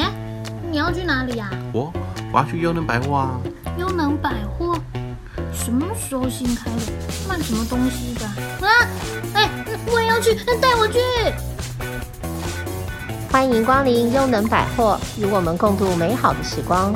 哎，你要去哪裡呀？我我要去優能百貨啊！優能百貨什麼時候新開的？賣什麼東西的？啊！哎，我也要去，那帶我去！歡迎光臨優能百貨，與我們共度美好的時光。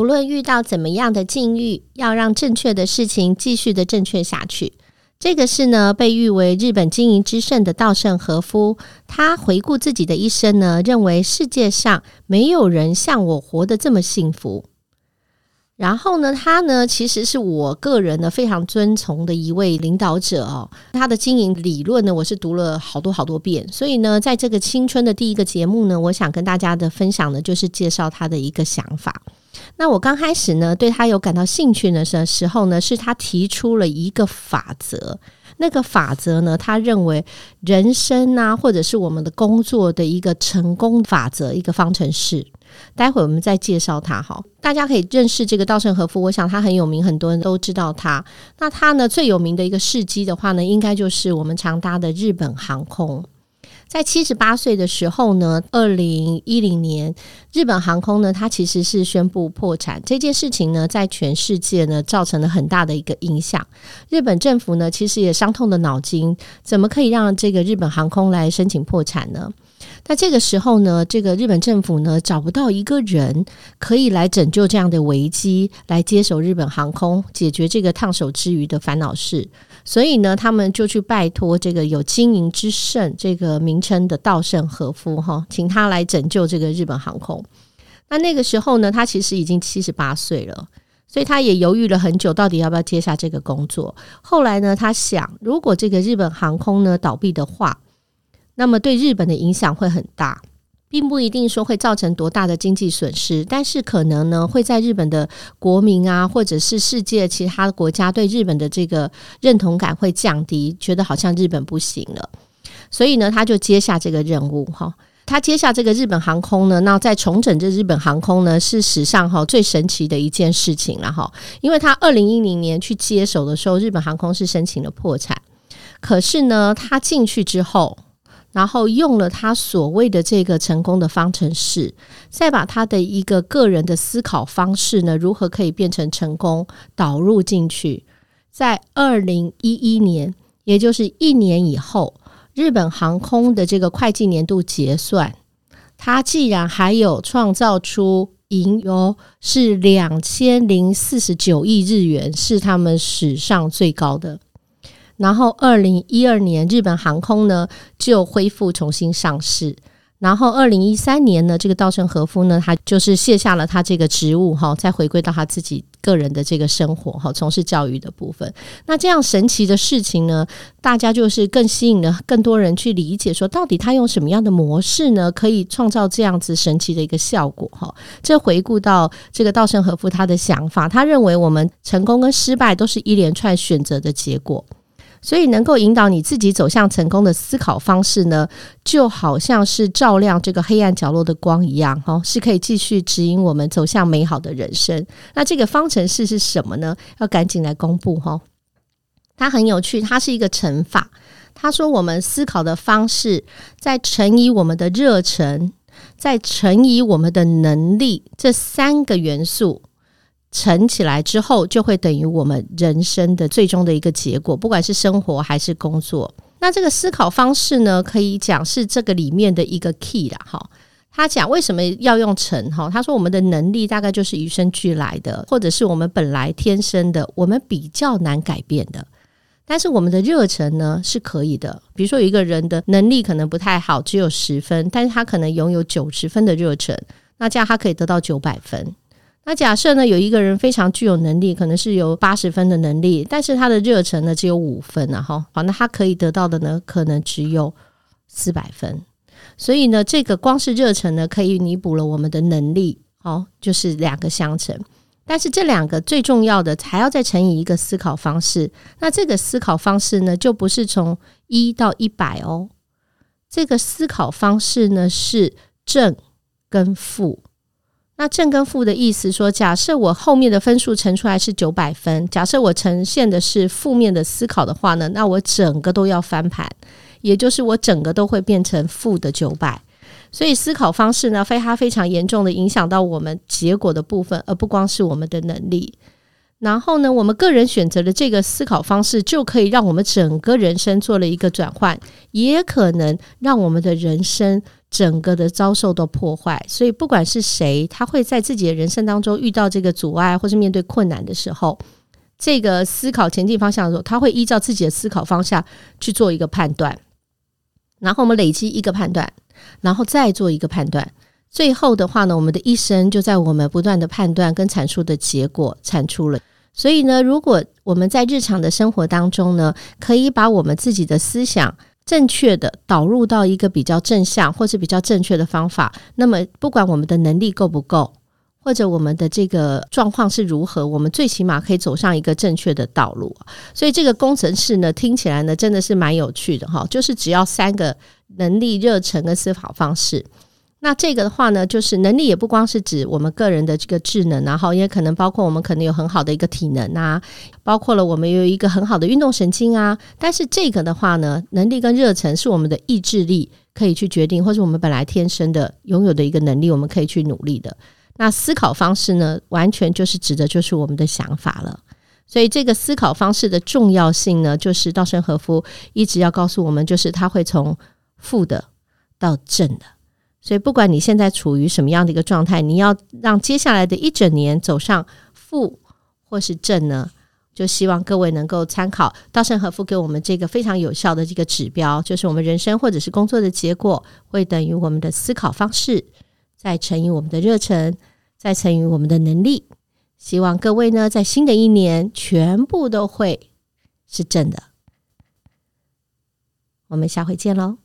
無論遇到怎麼樣的境遇，要讓正確的事情繼續的正確下去，這個是呢，被譽為日本經營之聖的稻盛和夫，他回顧自己的一生呢，認為世界上沒有人像我活得這麼幸福。然後呢，他呢，其實是我個人呢非常尊崇的一位領導者哦。他的經營理論呢，我是讀了好多好多遍。所以呢，在這個青春的第一個節目呢，我想跟大家的分享呢，就是介紹他的一個想法。那我剛開始呢，對他有感到興趣的時時候呢，是他提出了一個法則。那個法則呢，他認為人生啊，或者是我們的工作的一個成功法則，一個方程式。待會兒我們再介紹他好，大家可以認識這個稻盛和夫。我想他很有名，很多人都知道他。那他呢，最有名的一個事蹟的話呢，應該就是我們常搭的日本航空。在七十八歲的時候呢，二零一零年，日本航空呢，它其實是宣布破產。這件事情呢，在全世界呢造成了很大的一個影響。日本政府呢，其實也傷透了腦筋，怎麼可以讓這個日本航空來申請破產呢？那這個時候呢，這個日本政府呢，找不到一個人可以來拯救這樣的危機，來接手日本航空，解決這個燙手之餘的煩惱事，所以呢，他們就去拜托這個有經營之聖這個名稱的稻盛和夫哈，請他來拯救這個日本航空。那那個時候呢，他其實已經七十八歲了，所以他也猶豫了很久，到底要不要接下這個工作。後來呢，他想，如果這個日本航空呢倒閉的話，那麼對日本的影響，會很大，並不一定說會造成多大的經濟損失，但是可能呢會在日本的國民啊，或者是世界其他的國家對日本的這個認同感會降低，覺得好像日本不行了，所以呢，他就接下這個任務哈，他接下這個日本航空呢，那在重整這日本航空呢，是史上哈最神奇的一件事情了哈，因為他二零一零年去接手的時候，日本航空是申請了破產，可是呢他進去之後。然後用了他所謂的這個成功的方程式，再把他的一個個人的思考方式呢，如何可以變成成功，導入進去。在二零一一年，也就是一年以後，日本航空的這個會計年度結算，它竟然還有創造出盈餘是兩千零四十九億日元，是他們史上最高的。然後，二零一二年，日本航空呢就恢復重新上市。然後，二零一三年呢，這個稻盛和夫呢，他就是卸下了他這個職務，哈，再回歸到他自己個人的這個生活，哈，從事教育的部分。那這樣神奇的事情呢，大家就是更吸引了更多人去理解說，說到底他用什麼樣的模式呢，可以創造這樣子神奇的一個效果？哈，這回顧到這個稻盛和夫他的想法，他認為我們成功跟失敗都是一連串選擇的結果。所以，能夠引導你自己走向成功的思考方式呢，就好像是照亮這個黑暗角落的光一樣，哈、哦，是可以繼續指引我們走向美好的人生。那這個方程式是什麼呢？要趕緊來公布哈、哦！它很有趣，它是一個乘法。它說，我們思考的方式再乘以我們的熱忱，再乘以我們的能力，這三個元素。乘起來之後，就會等於我們人生的最終的一個結果，不管是生活還是工作。那這個思考方式呢，可以講是這個裡面的一個 key 了哈。他講為什麼要用乘哈？他說我們的能力大概就是與生俱來的，或者是我們本來天生的，我們比較難改變的。但是我們的熱忱呢是可以的。比如說有一個人的能力可能不太好，只有十分，但是他可能擁有九十分的熱忱，那這樣他可以得到九百分。那假設呢，有一個人非常具有能力，可能是有八十分的能力，但是他的熱忱呢只有五分啊。哈，好，那他可以得到的呢，可能只有四百分。所以呢，這個光是熱忱呢，可以彌補了我們的能力，好，哦，就是兩個相乘。但是這兩個最重要的，還要再乘以一個思考方式。那這個思考方式呢，就不是從一到一百哦，這個思考方式呢，是正跟負。那正跟負的意思說，假設我後面的分數乘出來是九百分，假設我呈現的是負面的思考的話呢，那我整個都要翻盤，也就是我整個都會變成負的九百。所以思考方式呢，非它非常嚴重的影響到我們結果的部分，而不光是我們的能力。然後呢，我們個人選擇的這個思考方式，就可以讓我們整個人生做了一個轉換，也可能讓我們的人生。整個的遭受到破壞，所以不管是誰，他會在自己的人生當中遇到這個阻礙，或是面對困難的時候，這個思考前進方向的時候，他會依照自己的思考方向去做一個判斷，然後我們累積一個判斷，然後再做一個判斷，最後的話呢，我們的一生就在我們不斷的判斷跟闡述的結果產出了。所以呢，如果我們在日常的生活當中呢，可以把我們自己的思想，正確的導入到一個比較正向或是比較正確的方法，那麼不管我們的能力夠不夠，或者我們的這個狀況是如何，我們最起碼可以走上一個正確的道路。所以這個工程師呢，聽起來呢，真的是蠻有趣的哈，就是只要三個能力、熱忱的思考方式。那這個的話呢，就是能力也不光是指我們個人的這個智能，然後也可能包括我們可能有很好的一個體能啊，包括了我們有一個很好的運動神經啊。但是這個的話呢，能力跟熱忱是我們的意志力可以去決定，或是我們本來天生的擁有的一個能力，我們可以去努力的。那思考方式呢，完全就是指的就是我們的想法了。所以這個思考方式的重要性呢，就是稻盛和夫一直要告訴我們，就是他會從負的到正的。所以，不管你現在處於什麼樣的一個狀態，你要讓接下來的一整年走上負或是正呢？就希望各位能夠參考稻盛和夫給我們這個非常有效的這個指標，就是我們人生或者是工作的結果會等於我們的思考方式，再乘以我們的熱忱，再乘以我們的能力。希望各位呢，在新的一年全部都會是正的。我們下回見嘍。